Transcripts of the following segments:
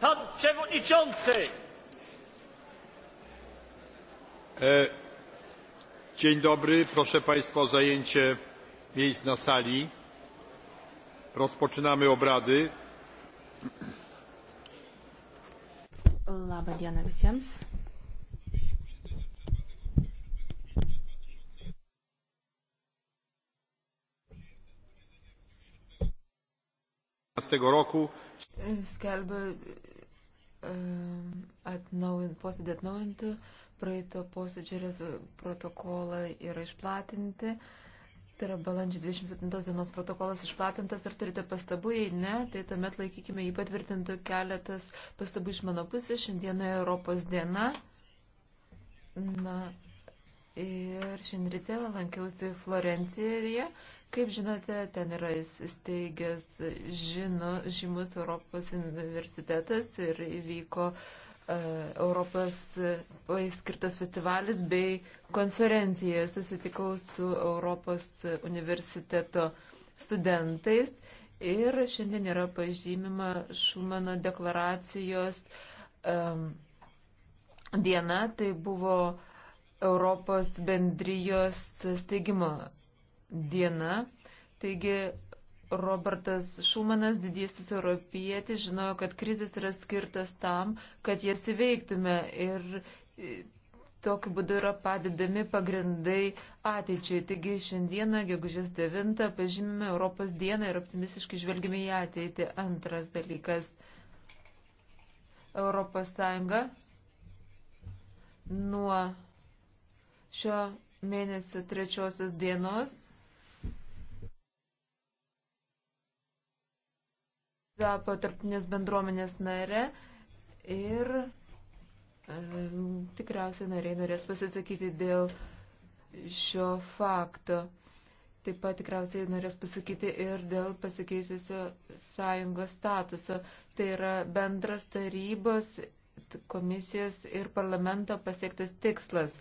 Pan przewodniczący! E, dzień dobry, proszę Państwa o zajęcie miejsc na sali. Rozpoczynamy obrady. Labą dieną visiems. roku. Skelbiu Ehm, atnaujint, posėdį atnaujinti, praeito posėdžio protokolą yra išplatinti. Tai yra balandžio 27 dienos protokolas išplatintas. Ar turite pastabų? Jei ne, tai tuomet laikykime jį patvirtintų keletas pastabų iš mano pusės. Šiandiena Europos diena. Na, ir šiandien ryte lankiausi Florencijoje. Kaip žinote, ten yra įsteigęs žino, žymus Europos universitetas ir įvyko uh, Europos uh, skirtas festivalis bei konferencija. Susitikau su Europos universiteto studentais ir šiandien yra pažymima Šumano deklaracijos um, diena. Tai buvo Europos bendrijos steigimo diena. Taigi Robertas Šumanas, didysis europietis, žinojo, kad krizės yra skirtas tam, kad jas įveiktume ir e, tokiu būdu yra padedami pagrindai ateičiai. Taigi šiandieną, gegužės 9, pažymime Europos dieną ir optimistiškai žvelgime į ateitį. Antras dalykas. Europos Sąjunga nuo šio mėnesio trečiosios dienos tapo tarptinės bendruomenės nare ir e, tikriausiai nariai norės pasisakyti dėl šio fakto. Taip pat tikriausiai norės pasakyti ir dėl pasikeisusio sąjungos statuso. Tai yra bendras tarybos, komisijos ir parlamento pasiektas tikslas.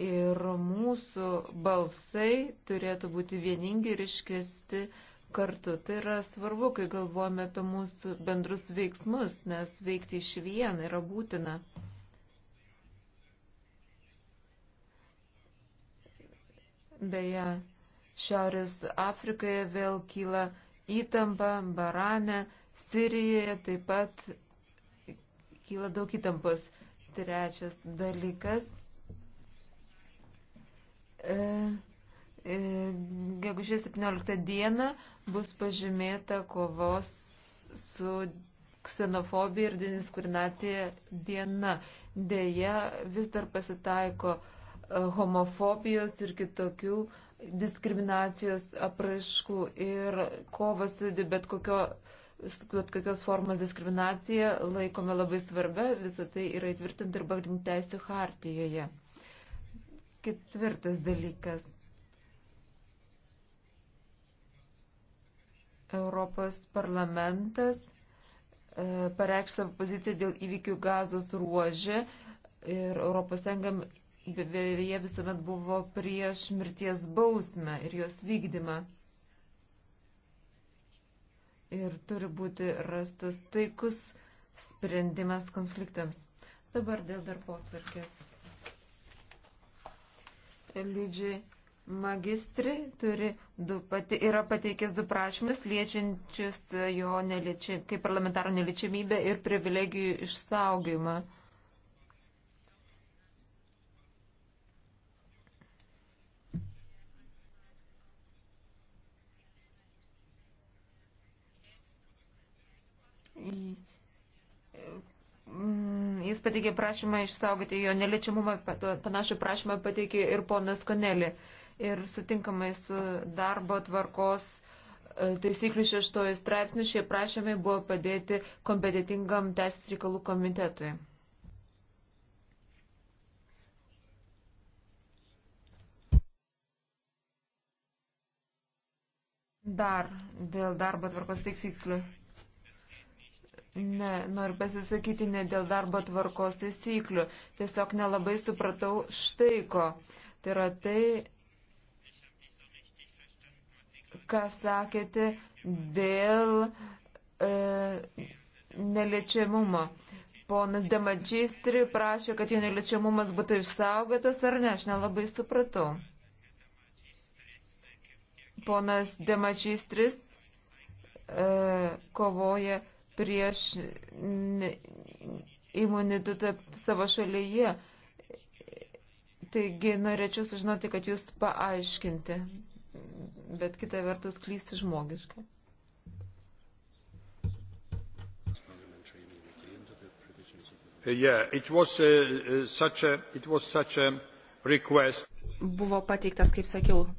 Ir mūsų balsai turėtų būti vieningi ir iškesti uh, kartu. Tai yra svarbu, kai galvojame apie mūsų bendrus veiksmus, nes veikti iš vien yra būtina. Beje, Šiaurės Afrikoje vėl kyla įtampa, Barane, Sirijoje taip pat kyla daug įtampos. Trečias dalykas. E, E, gegužės 17 dieną bus pažymėta kovos su ksenofobija ir diskriminacija diena. Deja, vis dar pasitaiko e, homofobijos ir kitokių diskriminacijos apraiškų ir kovas bet, kokio, bet kokios formos diskriminacija laikome labai svarbia, visą tai yra įtvirtinta ir pagrindinė teisų hartijoje. Ketvirtas dalykas Europos parlamentas e, pareikš savo poziciją dėl įvykių gazos ruožė ir ES jie visuomet buvo prieš mirties bausmę ir jos vykdymą. Ir turi būti rastas taikus sprendimas konfliktams. Dabar dėl darbo atvarkės. Lydžiai Magistri turi du, pati, yra pateikęs du prašymus liečiančius jo neliečiamybę, kaip parlamentaro neliečiamybę ir privilegijų išsaugimą. Mm, jis pateikė prašymą išsaugoti jo neliečiamumą, panašų prašymą pateikė ir ponas Konelė ir sutinkamai su darbo tvarkos e, taisyklių šeštojų straipsnių šie prašymai buvo padėti kompetitingam teisės reikalų komitetui. Dar dėl darbo tvarkos taisyklių. Ne, noriu pasisakyti ne dėl darbo tvarkos taisyklių. Tiesiog nelabai supratau štai ko. Tai yra tai, ką sakėte dėl e, neliečiamumo. Ponas Demačistri prašė, kad jo neliečiamumas būtų išsaugotas, ar ne, aš nelabai supratau. Ponas Demačistris e, kovoja prieš imunitetą savo šalyje. Taigi norėčiau sužinoti, kad jūs paaiškinti bet kita vertus klysti žmogiškai. Yeah, it was, uh, uh, such a, it was such a request. Buvo pateiktas, kaip sakiau, to